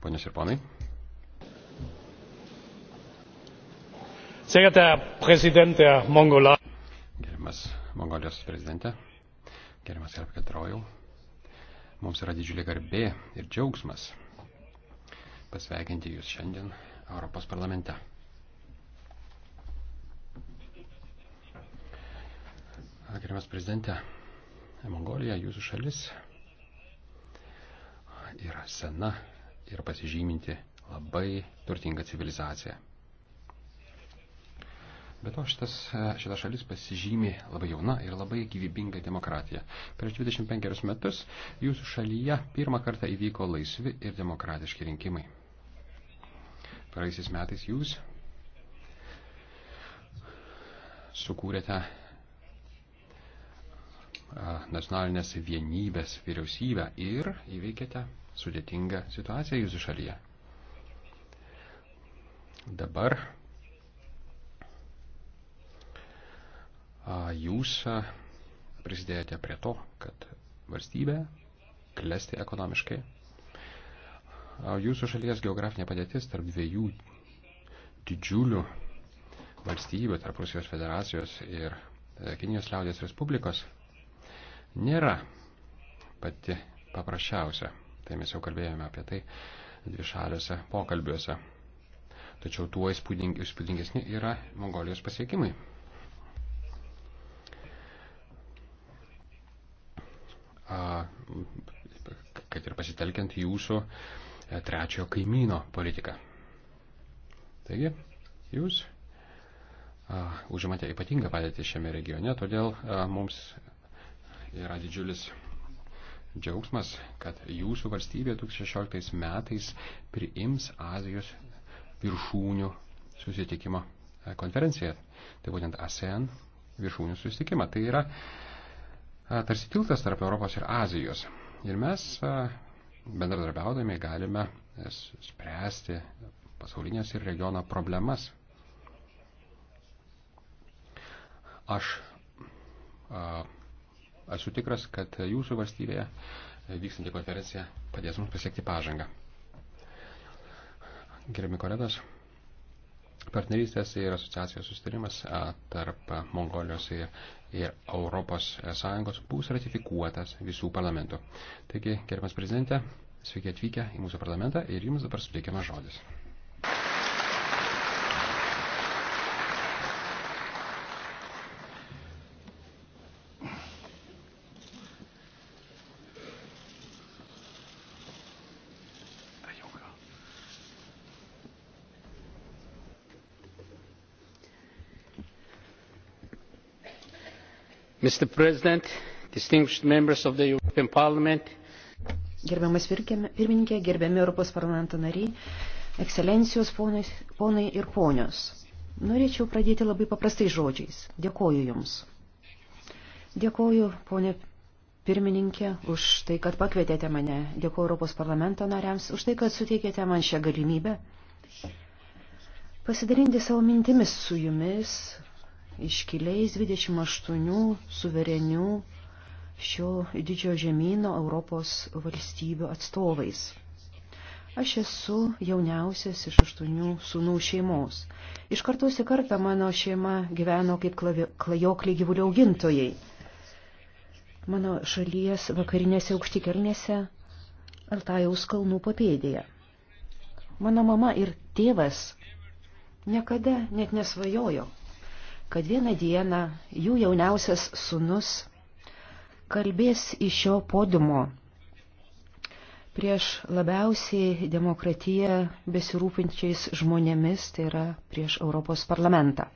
Ponios ir ponai. Gerimas Mongolijos prezidente, gerimas Herpket Rojau, mums yra didžiulė garbė ir džiaugsmas pasveikinti Jūs šiandien Europos parlamente. Gerimas prezidente, Mongolija, Jūsų šalis yra sena ir pasižyminti labai turtinga civilizacija. Bet to šitas, šita šalis pasižymi labai jauna ir labai gyvybinga demokratija. Prieš 25 metus jūsų šalyje pirmą kartą įvyko laisvi ir demokratiški rinkimai. Praeisiais metais jūs sukūrėte nacionalinės vienybės vyriausybę ir įveikėte sudėtingą situaciją jūsų šalyje. Dabar jūs prisidėjote prie to, kad valstybė klesti ekonomiškai. Jūsų šalies geografinė padėtis tarp dviejų didžiulių valstybių, tarp Rusijos federacijos ir e, Kinijos liaudės Respublikos nėra pati paprasčiausia. Tai mes jau kalbėjome apie tai dvišaliuose pokalbiuose. Tačiau tuo įspūdingesni yra Mongolijos pasiekimai. kad ir pasitelkiant jūsų e, trečiojo kaimyno politiką. Taigi, jūs užimate ypatingą padėtį šiame regione, todėl mums yra didžiulis džiaugsmas, kad jūsų valstybė 2016 metais priims Azijos viršūnių susitikimo e, konferenciją. Tai būtent ASEAN viršūnių susitikimą. Tai yra e, tarsi tiltas tarp Europos ir Azijos. Ir mes e, bendradarbiaudami galime spręsti pasaulinės ir regiono problemas. Aš a, Aš esu tikras, kad jūsų valstybėje vykstanti konferencija padės mums pasiekti pažangą. Gerbiami kolegos, partnerystės ir asociacijos sustarimas tarp Mongolijos ir, ir Europos Sąjungos bus ratifikuotas visų parlamentų. Taigi, gerbiamas prezidente, sveiki atvykę į mūsų parlamentą ir jums dabar suteikiamas žodis. Mr. President, distinguished members of the European Parliament. Gerbiamas pirmininkė, gerbiami Europos parlamento nariai, ekscelencijos ponai, ponai ir ponios. Norėčiau pradėti labai paprastais žodžiais. Dėkoju Jums. Dėkoju, ponė pirmininkė, už tai, kad pakvietėte mane. Dėkoju Europos parlamento nariams, už tai, kad suteikėte man šią galimybę pasidalinti savo mintimis su Jumis, iškiliais 28 suverenių šio didžio žemyno Europos valstybių atstovais. Aš esu jauniausias iš aštuonių sūnų šeimos. Iš kartos į kartą mano šeima gyveno kaip klajokliai gyvulių augintojai. Mano šalies vakarinėse aukštikelnėse Altajaus kalnų papėdėje. Mano mama ir tėvas niekada net nesvajojo kad vieną dieną jų jauniausias sunus kalbės iš šio podiumo prieš labiausiai demokratiją besirūpinčiais žmonėmis, tai yra prieš Europos parlamentą.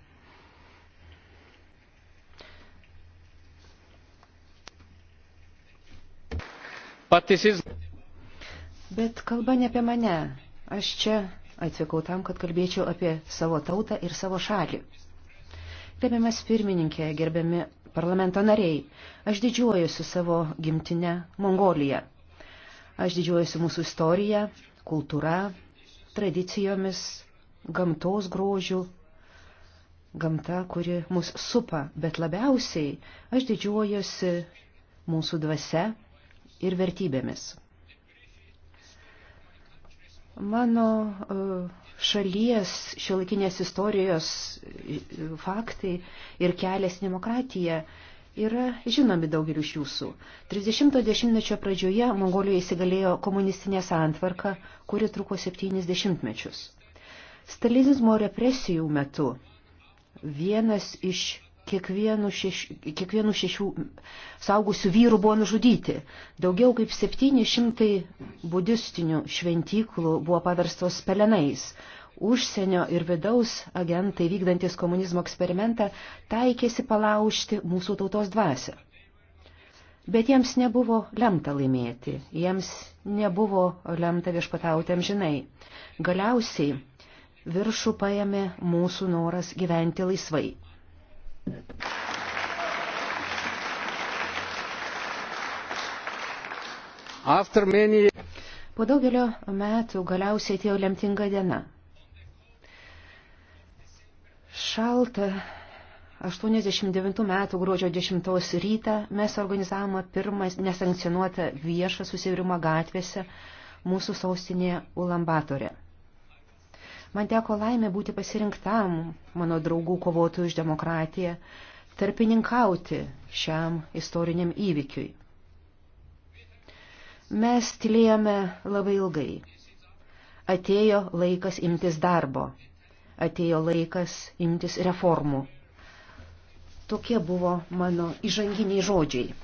Bet kalba ne apie mane. Aš čia atvykau tam, kad kalbėčiau apie savo tautą ir savo šalį. Gerbiamas pirmininkė, gerbiami parlamento nariai, aš didžiuojuosi savo gimtinę Mongoliją. Aš didžiuojuosi mūsų istorija, kultūra, tradicijomis, gamtos grožių, gamta, kuri mus supa, bet labiausiai aš didžiuojuosi mūsų dvasia ir vertybėmis. Mano uh, šalies šiolikinės istorijos faktai ir kelias demokratija yra žinomi daugeliu iš jūsų. 30-ojo dešimtmečio pradžioje Mongolijoje įsigalėjo komunistinė santvarka, kuri truko 70 mečius. Stalinizmo represijų metu vienas iš kiekvienų, šeš, kiekvienų šešių saugusių vyrų buvo nužudyti. Daugiau kaip 700 budistinių šventyklų buvo paverstos pelenais. Užsienio ir vidaus agentai vykdantis komunizmo eksperimentą taikėsi palaužti mūsų tautos dvasę. Bet jiems nebuvo lemta laimėti, jiems nebuvo lemta viešpatauti amžinai. Galiausiai viršų paėmė mūsų noras gyventi laisvai Many... Po daugelio metų galiausiai atėjo lemtinga diena. Šalta 89 metų gruodžio 10 rytą mes organizavome pirmą nesankcionuotą viešą susivrimą gatvėse mūsų sostinėje Ulambatore. Man teko laimė būti pasirinktam mano draugų kovotojų už demokratiją, tarpininkauti šiam istoriniam įvykiui. Mes tylėjome labai ilgai. Atėjo laikas imtis darbo. Atėjo laikas imtis reformų. Tokie buvo mano įžanginiai žodžiai.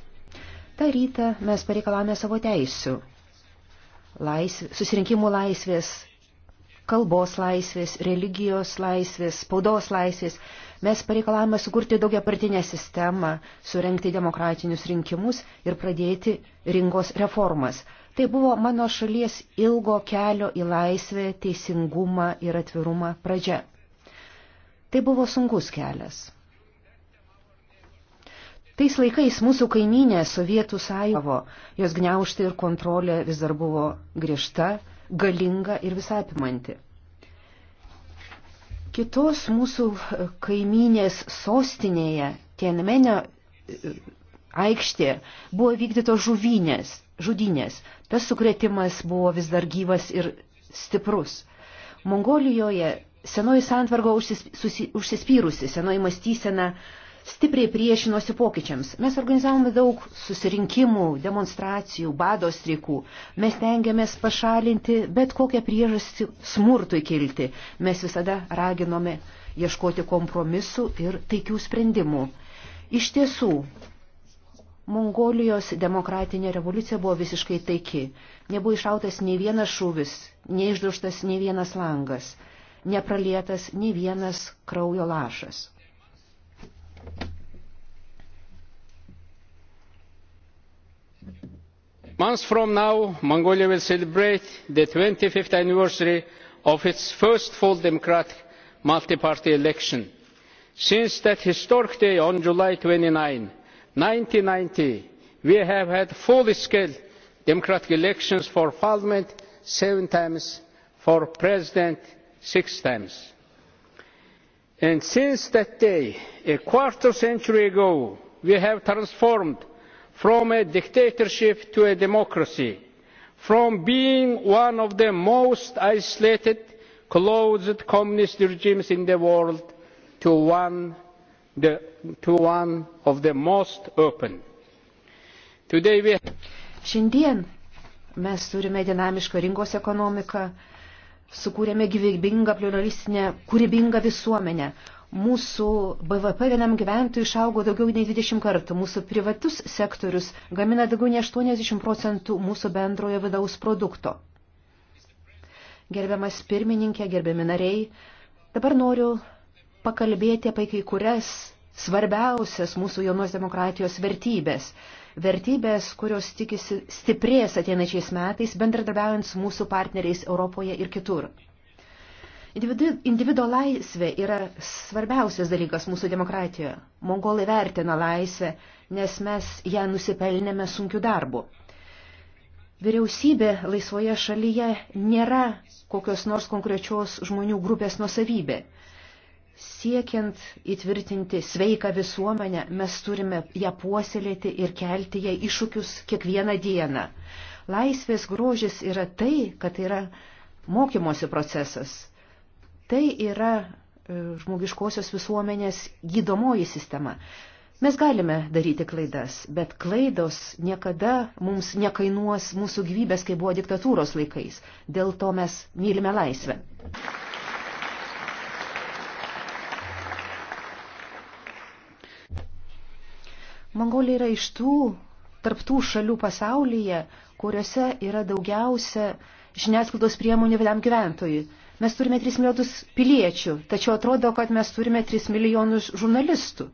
Ta rytą mes pareikalavome savo teisių. Laisvė, susirinkimų laisvės, kalbos laisvės, religijos laisvės, spaudos laisvės. Mes pareikalavome sukurti daugia partinę sistemą, surenkti demokratinius rinkimus ir pradėti rinkos reformas. Tai buvo mano šalies ilgo kelio į laisvę, teisingumą ir atvirumą pradžia. Tai buvo sunkus kelias. Tais laikais mūsų kaiminė Sovietų sąjungo, jos gniaužtai ir kontrolė vis dar buvo griežta, galinga ir visapimanti. Kitos mūsų kaimynės sostinėje, Tienmenio e, aikštė, buvo vykdytos žuvinės, žudinės. Tas sukretimas buvo vis dar gyvas ir stiprus. Mongolijoje senoji santvarga užsis, susi, užsispyrusi, senoji mąstysena uh, stipriai priešinosi pokyčiams. Mes organizavome daug susirinkimų, demonstracijų, bado streikų. Mes tengiamės pašalinti bet kokią priežastį smurtui kilti. Mes visada raginome ieškoti kompromisų ir taikių sprendimų. Iš tiesų, Mongolijos demokratinė revoliucija buvo visiškai taiki. Nebuvo išautas nei vienas šūvis, neišduštas nei vienas langas, nepralietas nei vienas kraujo lašas. months from now mongolia will celebrate the twenty fifth anniversary of its first full democratic multi party election. since that historic day on twenty nine july one thousand nine hundred and ninety we have had full scale democratic elections for parliament seven times for president six times. and since that day a quarter century ago we have transformed from a dictatorship to a democracy from being one of the most isolated closed communist regimes in the world to one of the most open. Today we Šiandien mes turime dinamišką rinkos ekonomiką, sukūrėme gyvybingą, pluralistinę, kūrybingą visuomenę, Mūsų BVP vienam gyventojui išaugo daugiau nei 20 kartų, mūsų privatus sektorius gamina daugiau nei 80 procentų mūsų bendrojo vidaus produkto. Gerbiamas pirmininkė, gerbiami nariai, dabar noriu pakalbėti apie kai kurias svarbiausias mūsų jaunos demokratijos vertybės. Vertybės, kurios tikisi stiprės ateinačiais metais, bendradarbiaujant su mūsų partneriais Europoje ir kitur. Individo laisvė yra svarbiausias dalykas mūsų demokratijoje. Mongolai vertina laisvę, nes mes ją nusipelnėme sunkiu darbu. Vyriausybė laisvoje šalyje nėra kokios nors konkrečios žmonių grupės nusavybė. Siekiant įtvirtinti sveiką visuomenę, mes turime ją puoselėti ir kelti ją iššūkius kiekvieną dieną. Laisvės grožis yra tai, kad tai yra mokymosi procesas Tai yra e, žmogiškosios visuomenės gydomoji sistema. Mes galime daryti klaidas, bet klaidos niekada mums nekainuos mūsų gyvybės, kai buvo diktatūros laikais. Dėl to mes mylime laisvę. Mongolija yra iš tų tarptų šalių pasaulyje, kuriuose yra daugiausia žiniasklaidos priemonių vienam gyventojui. Mes turime 3 milijonus piliečių, tačiau atrodo, kad mes turime 3 milijonus žurnalistų.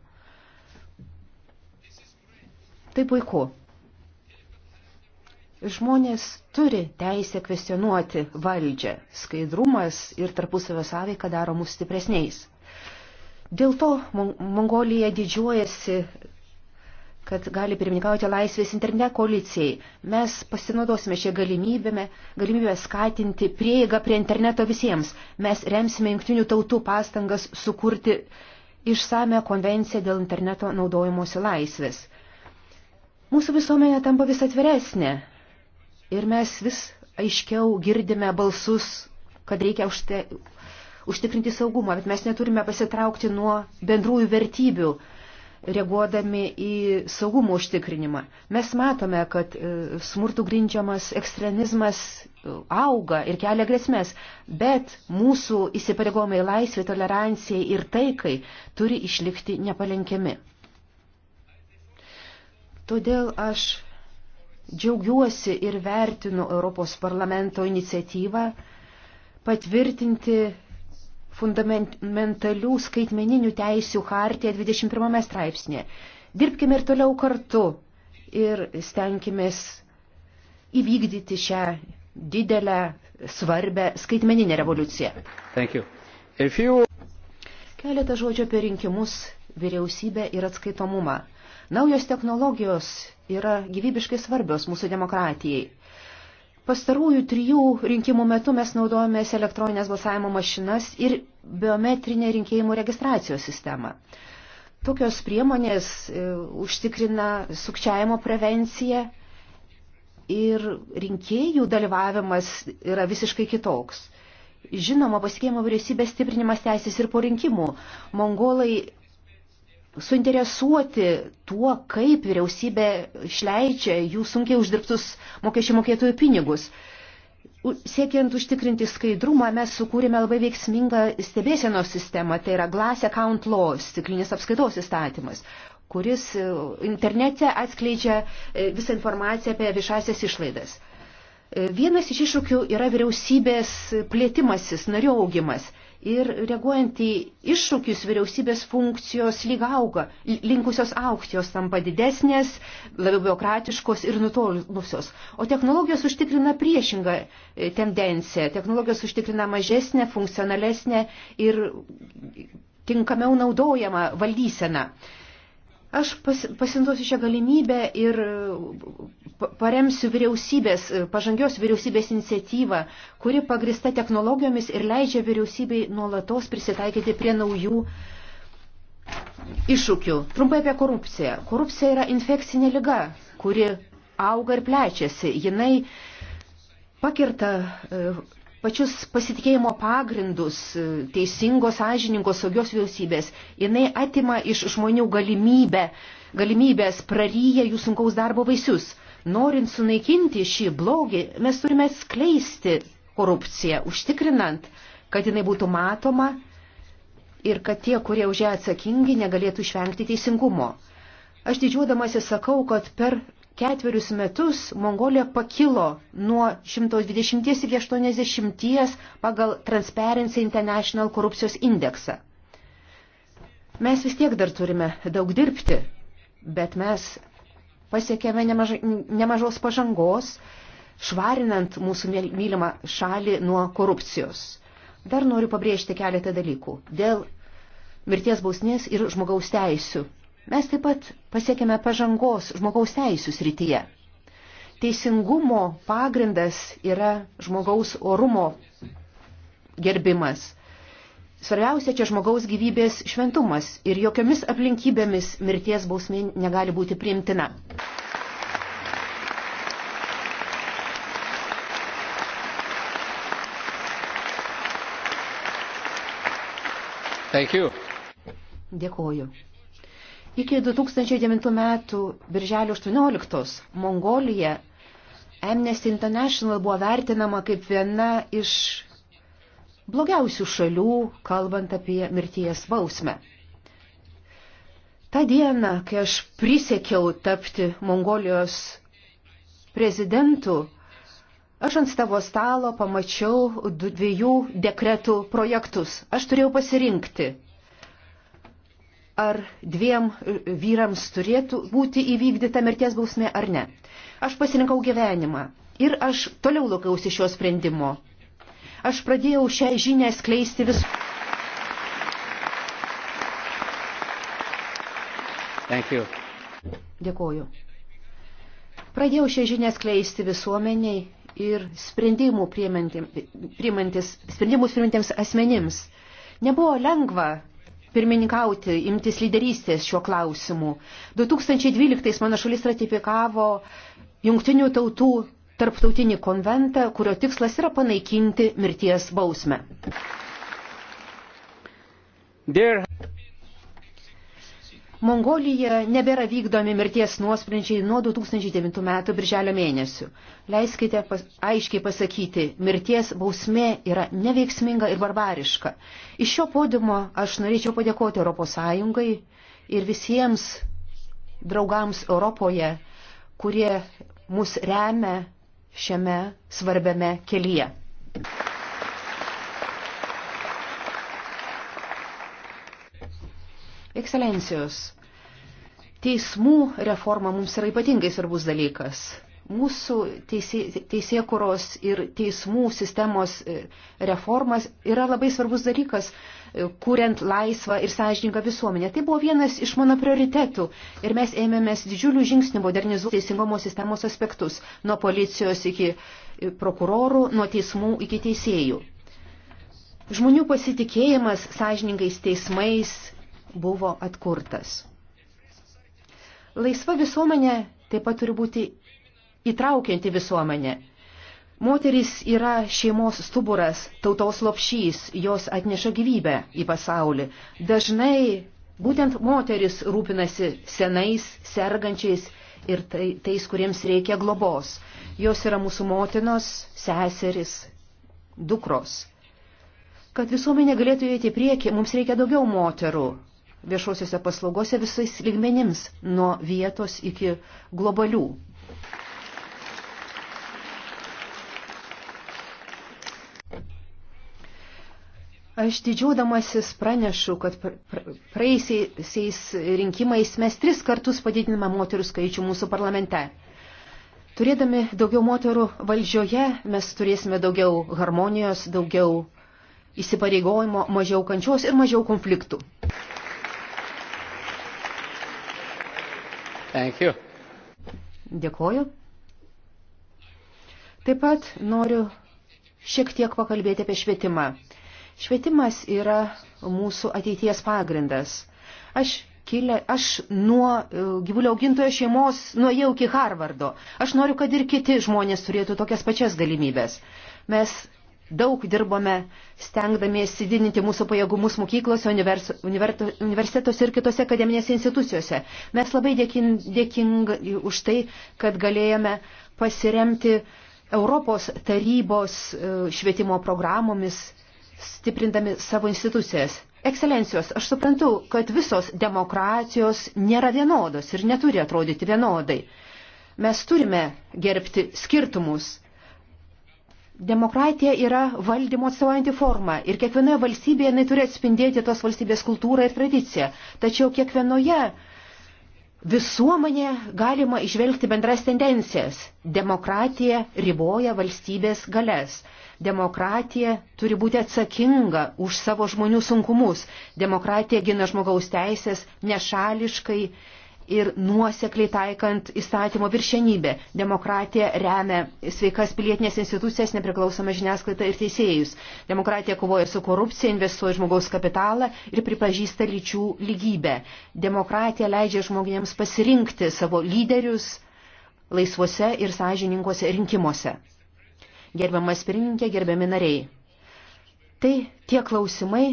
Tai puiku. Žmonės turi teisę kvestionuoti valdžią. Skaidrumas ir tarpusavio sąveika daro mus stipresniais. Dėl to Mongolija didžiuojasi kad gali pirmininkauti laisvės interne koalicijai. Mes pasinaudosime šią galimybę, galimybę skatinti prieigą prie interneto visiems. Mes remsime jungtinių tautų pastangas sukurti išsame konvenciją dėl interneto naudojimuose laisvės. Mūsų visuomenė tampa vis atviresnė ir mes vis aiškiau girdime balsus, kad reikia užte, užtikrinti saugumą, bet mes neturime pasitraukti nuo bendrųjų vertybių reaguodami į saugumo užtikrinimą. Mes matome, kad e, smurtų grindžiamas ekstremizmas e, auga ir kelia grėsmės, bet mūsų įsipareigomai laisvė, tolerancijai ir taikai turi išlikti nepalenkiami. Todėl aš džiaugiuosi ir vertinu Europos parlamento iniciatyvą patvirtinti fundamentalių skaitmeninių teisių hartiją 21 straipsnė. Dirbkime ir toliau kartu ir stenkimės įvykdyti šią didelę, svarbę skaitmeninę revoliuciją. Thank you. If you... Keletą žodžių apie rinkimus, vyriausybę ir atskaitomumą. Naujos technologijos yra gyvybiškai svarbios mūsų demokratijai. Pastarųjų trijų rinkimų metu mes naudojomės elektroninės balsavimo mašinas ir biometrinę rinkėjimų registracijos sistemą. Tokios priemonės e, užtikrina sukčiavimo prevenciją ir rinkėjų dalyvavimas yra visiškai kitoks. Žinoma, pasitikėjimo vyriausybės stiprinimas teisės ir po rinkimų. Mongolai suinteresuoti tuo, kaip vyriausybė išleidžia jų sunkiai uždirbtus mokesčių mokėtojų pinigus. Siekiant užtikrinti skaidrumą, mes sukūrėme labai veiksmingą stebėsenos sistemą, tai yra Glass Account Law, stiklinės apskaitos įstatymas, kuris e, internete atskleidžia e, visą informaciją apie viešasias išlaidas. E, vienas iš iššūkių yra vyriausybės plėtimasis, narių augimas – ir reaguojant į iššūkius vyriausybės funkcijos lyg auga, linkusios aukti, jos tampa didesnės, labiau biurokratiškos ir nutolusios. O technologijos užtikrina priešingą e, tendenciją. Technologijos užtikrina mažesnę, funkcionalesnę ir tinkamiau naudojamą valdyseną. Aš pas, pasinduosiu šią galimybę ir paremsiu vyriausybės, pažangios vyriausybės iniciatyvą, kuri pagrista technologijomis ir leidžia vyriausybei nuolatos prisitaikyti prie naujų iššūkių. Trumpai apie korupciją. Korupcija yra infekcinė liga, kuri auga ir plečiasi. Jinai pakirta e, pačius pasitikėjimo pagrindus e, teisingos, sąžiningos, saugios vyriausybės. Jis atima iš žmonių galimybę, galimybės praryja jų sunkaus darbo vaisius. Norint sunaikinti šį blogį, mes turime skleisti korupciją, užtikrinant, kad jinai būtų matoma ir kad tie, kurie už ją atsakingi, negalėtų išvengti teisingumo. Aš didžiuodamasi sakau, kad per ketverius metus Mongolija pakilo nuo 120 iki 80 pagal Transparency International korupcijos indeksą. Mes vis tiek dar turime daug dirbti, bet mes pasiekėme nemaža, nemažos pažangos, švarinant mūsų mylimą šalį nuo korupcijos. Dar noriu pabrėžti keletą dalykų dėl mirties bausmės ir žmogaus teisių Mes taip pat pasiekėme pažangos žmogaus teisų srityje. Teisingumo pagrindas yra žmogaus orumo gerbimas. Svarbiausia čia žmogaus gyvybės šventumas ir jokiomis aplinkybėmis mirties bausmė negali būti priimtina. Thank you. Dėkoju. Iki 2009 metų birželio 18 Mongolija Amnesty International buvo vertinama kaip viena iš blogiausių šalių, kalbant apie mirties bausmę. Ta diena, kai aš prisiekiau tapti Mongolijos prezidentu, Aš ant tavo stalo pamačiau dviejų dekretų projektus. Aš turėjau pasirinkti ar dviem e, vyrams turėtų būti įvykdyta mirties bausmė ar ne. Aš pasirinkau gyvenimą ir aš toliau lokausi šio sprendimo. Aš pradėjau šią žinę skleisti visų. Dėkoju. Pradėjau šią žinę skleisti visuomeniai ir sprendimų priimantis, sprendimus priimantiems asmenims. Nebuvo lengva pirmininkauti, imtis lyderystės šiuo klausimu. 2012 mano šalis ratifikavo jungtinių tautų tarptautinį konventą, kurio tikslas yra panaikinti mirties bausmę. Dear... Mongolija nebėra vykdomi mirties nuosprendžiai nuo 2009 metų birželio mėnesių. Leiskite pas, aiškiai pasakyti, mirties bausmė yra neveiksminga ir barbariška. Iš šio podimo aš norėčiau padėkoti ES ir visiems draugams Europoje, kurie mus remia šiame svarbiame kelyje. Ekscelencijos, teismų reforma mums yra ypatingai svarbus dalykas. Mūsų teisėkuros ir teismų sistemos e, reformas yra labai svarbus dalykas, e, kuriant laisvą ir sąžininką visuomenę. Tai buvo vienas iš mano prioritetų ir mes ėmėmės didžiulių žingsnių modernizuoti teisingumo sistemos aspektus, nuo policijos iki e, prokurorų, nuo teismų iki teisėjų. Žmonių pasitikėjimas sąžiningais teismais buvo atkurtas. Laisva visuomenė taip pat turi būti įtraukianti visuomenė. Moterys yra šeimos stuburas, tautos lopšys, jos atneša gyvybę į pasaulį. Dažnai būtent moteris rūpinasi senais, sergančiais ir tai, tais, kuriems reikia globos. Jos yra mūsų motinos, seseris, dukros. Kad visuomenė galėtų įeiti į priekį, mums reikia daugiau moterų, viešosiuose paslaugose visais lygmenims, nuo vietos iki globalių. Aš didžiuodamasis pranešu, kad praeisiais rinkimais mes tris kartus padidiname moterų skaičių mūsų parlamente. Turėdami daugiau moterų valdžioje, mes turėsime daugiau harmonijos, daugiau įsipareigojimo, mažiau kančios ir mažiau konfliktų. Dėkoju. Taip pat noriu šiek tiek pakalbėti apie švietimą. Švietimas yra mūsų ateities pagrindas. Aš kilę, aš nuo e, gyvulio augintojo šeimos nuėjau iki Harvardo. Aš noriu, kad ir kiti žmonės turėtų tokias pačias galimybės. Mes Daug dirbome, stengdamiesi didinti mūsų pajėgumus mokyklose, univers, univers, universitetuose ir kitose akademinėse institucijose. Mes labai dėkingi dėking už tai, kad galėjome pasiremti Europos tarybos e, švietimo programomis, stiprindami savo institucijas. Ekscelencijos, aš suprantu, kad visos demokratijos nėra vienodos ir neturi atrodyti vienodai. Mes turime gerbti skirtumus Demokratija yra valdymo atstovaujanti forma ir kiekvienoje valstybėje jinai turi atspindėti tos valstybės kultūrą ir tradiciją. Tačiau kiekvienoje visuomenėje galima išvelgti bendras tendencijas. Demokratija riboja valstybės galės. Demokratija turi būti atsakinga už savo žmonių sunkumus. Demokratija gina žmogaus teisės nešališkai ir nuosekliai taikant įstatymo viršenybę. Demokratija remia sveikas pilietinės institucijas, nepriklausomą žiniasklaidą ir teisėjus. Demokratija kovoja su korupcija, investuoja žmogaus kapitalą ir pripažįsta lyčių lygybę. Demokratija leidžia žmonėms pasirinkti savo lyderius laisvuose ir sąžininkuose rinkimuose. Gerbiamas pirmininkė, gerbiami nariai. Tai tie klausimai,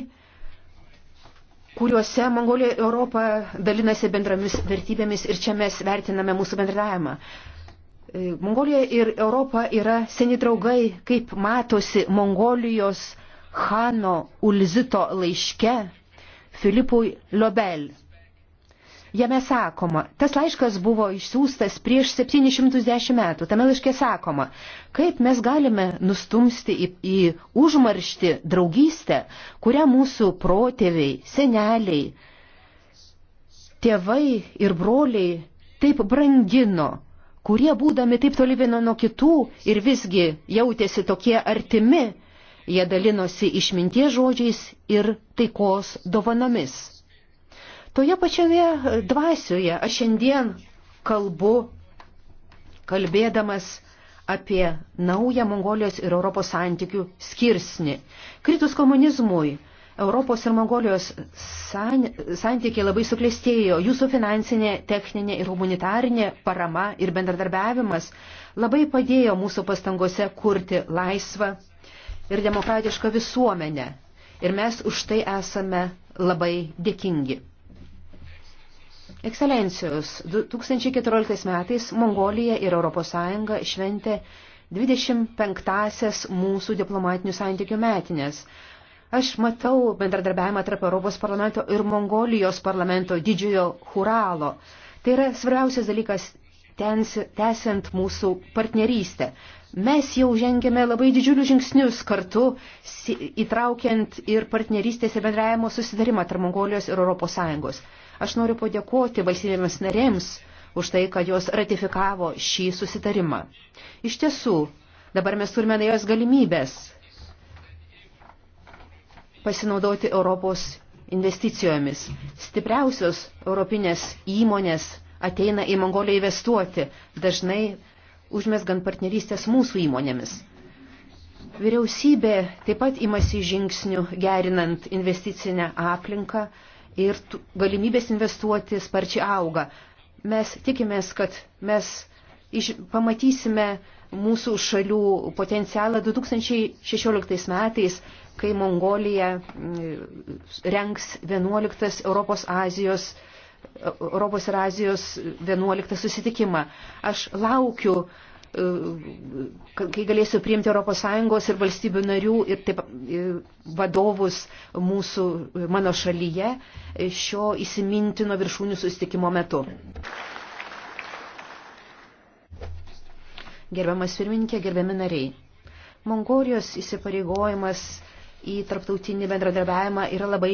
kuriuose Mongolija ir Europa dalinasi bendramis vertybėmis ir čia mes vertiname mūsų bendradavimą. E, Mongolija ir Europa yra seni draugai, kaip matosi Mongolijos Hano Ulzito laiške Filipui Lobel. Jame sakoma, tas laiškas buvo išsiųstas prieš 710 metų. Tame laiške sakoma, kaip mes galime nustumsti į, į užmaršti draugystę, kurią mūsų protėviai, seneliai, tėvai ir broliai taip brangino, kurie būdami taip toli vieno nuo kitų ir visgi jautėsi tokie artimi, jie dalinosi išminties žodžiais ir taikos dovanomis. Toje pačioje dvasioje aš šiandien kalbu, kalbėdamas apie naują Mongolijos ir Europos santykių skirsnį. Kritus komunizmui Europos ir Mongolijos san, santykiai labai suklestėjo. Jūsų finansinė, techninė ir humanitarinė parama ir bendradarbiavimas labai padėjo mūsų pastangose kurti laisvą ir demokratišką visuomenę. Ir mes už tai esame labai dėkingi. Ekscelencijos, 2014 metais Mongolija ir ES šventė 25-asias mūsų diplomatinių santykių metinės. Aš matau bendradarbiavimą tarp Europos parlamento ir Mongolijos parlamento didžiojo huralo. Tai yra svarbiausias dalykas tęsiant mūsų partnerystę. Mes jau žengėme labai didžiulius žingsnius kartu, įtraukiant ir partnerystės ir bendravimo susidarimą tarp Mongolijos ir ES. Aš noriu padėkoti valstybėms narėms už tai, kad jos ratifikavo šį susitarimą. Iš tiesų, dabar mes turime na jos galimybės pasinaudoti Europos investicijomis. Stipriausios europinės įmonės ateina į Mongoliją investuoti, dažnai užmesgant partnerystės mūsų įmonėmis. Vyriausybė taip pat imasi žingsnių gerinant investicinę aplinką ir galimybės investuoti sparčiai auga. Mes tikimės, kad mes iš, pamatysime mūsų šalių potencialą 2016 metais, kai Mongolija mm, rengs 11 Europos Azijos Europos ir Azijos 11 susitikimą. Aš laukiu uh, kai galėsiu priimti ES ir valstybių narių ir taip vadovus mūsų, mano šalyje šio įsimintino viršūnių susitikimo metu. Gerbiamas pirmininkė, gerbiami nariai. Mongolijos įsipareigojimas į tarptautinį bendradarbiavimą yra labai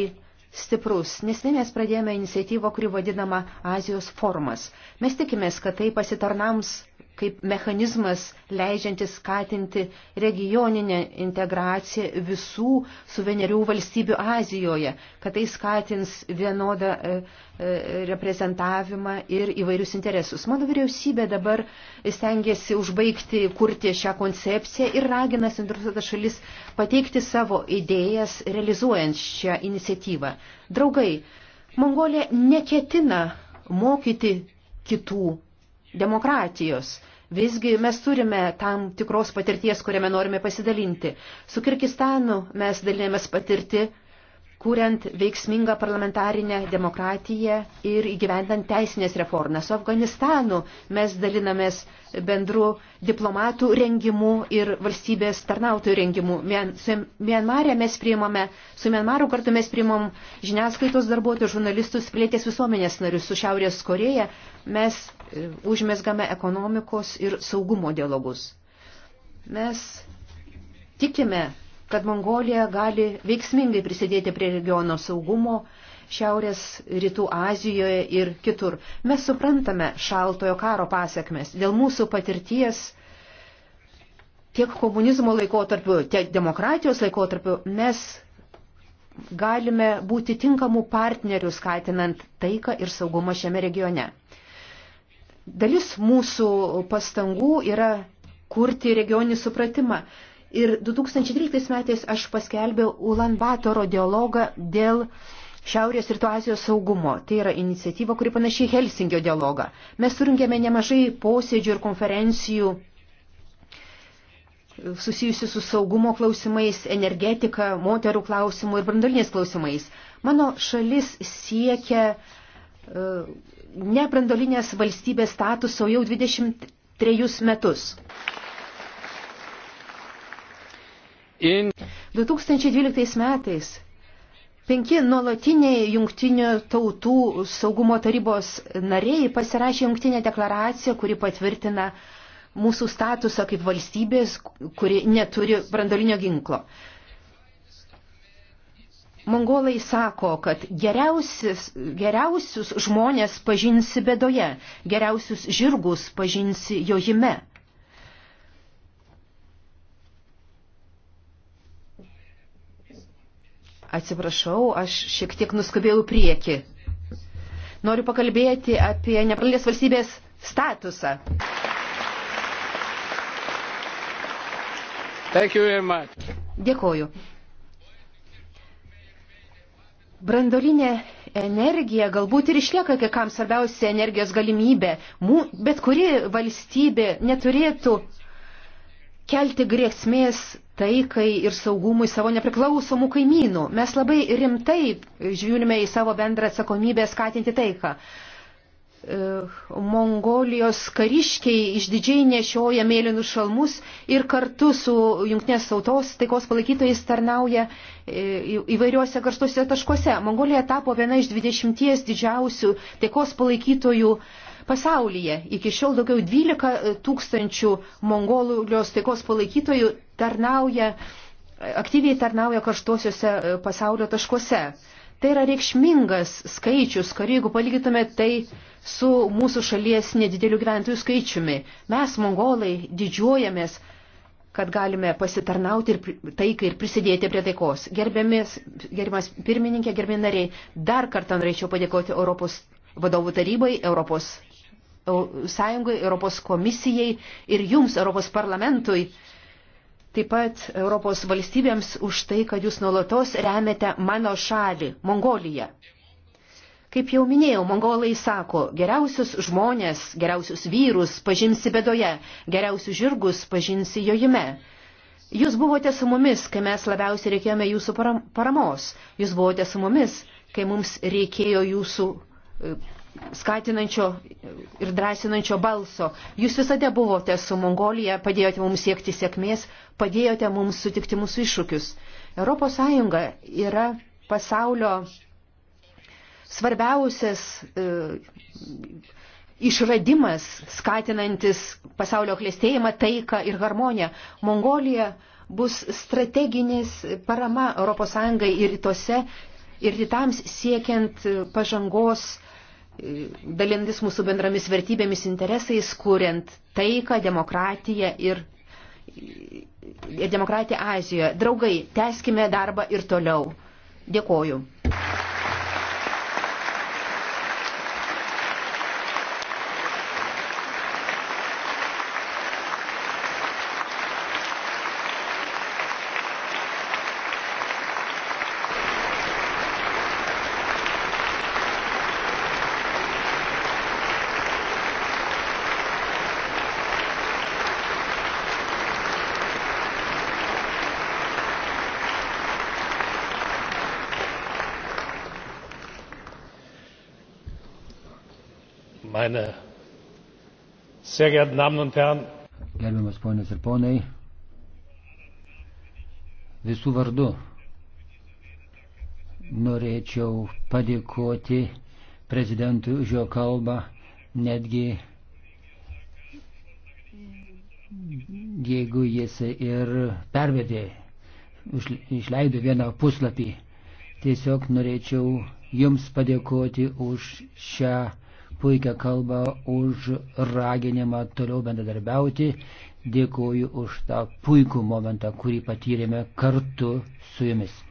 stiprus, nes mes pradėjome iniciatyvą, kuri vadinama Azijos formas. Mes tikimės, kad tai pasitarnams kaip mechanizmas leidžiantis skatinti regioninę integraciją visų suvenerių valstybių Azijoje, kad tai skatins vienodą e, e, reprezentavimą ir įvairius interesus. Mano vyriausybė dabar stengiasi užbaigti kurti šią koncepciją ir ragina suinteresuotas šalis pateikti savo idėjas realizuojant šią iniciatyvą. Draugai, Mongolija neketina mokyti kitų demokratijos. Visgi mes turime tam tikros patirties, kuriame norime pasidalinti. Su Kirgistanu mes dalinėmės patirti kuriant veiksmingą parlamentarinę demokratiją ir įgyvendant teisinės reformas. Su Afganistanu mes dalinamės bendru diplomatų rengimu ir valstybės tarnautojų rengimu. Su Mianmarė mes priimame, su Mianmaru kartu mes priimam žiniasklaidos darbuotojų, žurnalistus, plėtės visuomenės narius. Su Šiaurės Koreja mes e, užmesgame ekonomikos ir saugumo dialogus. Mes tikime kad Mongolija gali veiksmingai prisidėti prie regiono saugumo Šiaurės rytų Azijoje ir kitur. Mes suprantame šaltojo karo pasiekmes. Dėl mūsų patirties tiek komunizmo laikotarpiu, tiek demokratijos laikotarpiu mes galime būti tinkamų partnerių skatinant taiką ir saugumą šiame regione. Dalis mūsų pastangų yra kurti regioninį supratimą. Ir 2013 metais aš paskelbiau Ulanbatoro dialogą dėl Šiaurės ir Azijos saugumo. Tai yra iniciatyva, kuri panašiai Helsingio dialogą. Mes surinkėme nemažai posėdžių ir konferencijų susijusi su saugumo klausimais, energetika, moterų klausimų ir brandoliniais klausimais. Mano šalis siekia e, nebrandolinės valstybės statuso jau 23 metus. In... 2012 metais penki nuolatiniai jungtinių tautų saugumo tarybos nariai pasirašė jungtinę deklaraciją, kuri patvirtina mūsų statusą kaip valstybės, kuri neturi brandolinio ginklo. Mongolai sako, kad geriausius, geriausius žmonės pažinsi bedoje, geriausius žirgus pažinsi jojime. Atsiprašau, aš šiek tiek nuskubėjau prieki. Noriu pakalbėti apie nepradėlės valstybės statusą. Dėkoju. Brandolinė energija galbūt ir išlieka kai kam svarbiausia energijos galimybė, bet kuri valstybė neturėtų uh, kelti grėsmės taikai ir saugumui savo nepriklausomų kaimynų. Mes labai rimtai žiūrime į savo bendrą atsakomybę skatinti taiką. E, Mongolijos kariškiai išdidžiai nešioja mėlynus šalmus ir kartu su jungtinės tautos taikos palaikytojais tarnauja e, įvairiuose karštuose taškuose. Mongolija tapo viena iš dvidešimties didžiausių taikos palaikytojų uh, pasaulyje. Iki šiol daugiau 12 e, tūkstančių Mongolijos taikos palaikytojų tarnauja, e, aktyviai tarnauja karštuosiuose e, pasaulio taškuose. Tai yra reikšmingas skaičius, kad jeigu palygytume tai su mūsų šalies nedideliu gyventojų skaičiumi, mes, mongolai, didžiuojamės, kad galime pasitarnauti ir taikai ir prisidėti prie taikos. Gerbiamis, gerbiamas pirmininkė, gerbiami nariai, dar kartą norėčiau padėkoti Europos vadovų tarybai, Europos Sąjungai, Europos komisijai ir jums, Europos parlamentui, taip pat Europos valstybėms už tai, kad jūs nuolatos remiate mano šalį, Mongoliją. Kaip jau minėjau, mongolai sako, geriausius žmonės, geriausius vyrus pažinsi bedoje, geriausius žirgus pažinsi jojime. Jūs buvote su mumis, kai mes labiausiai reikėjome jūsų paramos. Jūs buvote su mumis, kai mums reikėjo jūsų e, skatinančio ir drąsinančio balso. Jūs visada buvote su Mongolija, padėjote mums siekti sėkmės, padėjote mums sutikti mūsų iššūkius. Europos Sąjunga yra pasaulio svarbiausias e, išradimas, skatinantis pasaulio klėstėjimą, taiką ir harmoniją. Mongolija bus strateginis parama Europos Sąjungai ir rytuose ir rytams siekiant pažangos dalintis mūsų bendromis vertybėmis interesais, kuriant taiką, demokratiją ir, ir demokratiją Azijoje. Draugai, teskime darbą ir toliau. Dėkoju. meine sehr geehrten Damen und Herren. Gerbiamas ponios ir ponai, visų vardu norėčiau padėkoti prezidentui už jo kalbą, netgi jeigu jis ir pervedė, išleido vieną puslapį. Tiesiog norėčiau Jums padėkoti už šią puikią kalbą, už raginimą toliau bendradarbiauti. Dėkuoju už tą puikų momentą, kurį patyrėme kartu su jumis.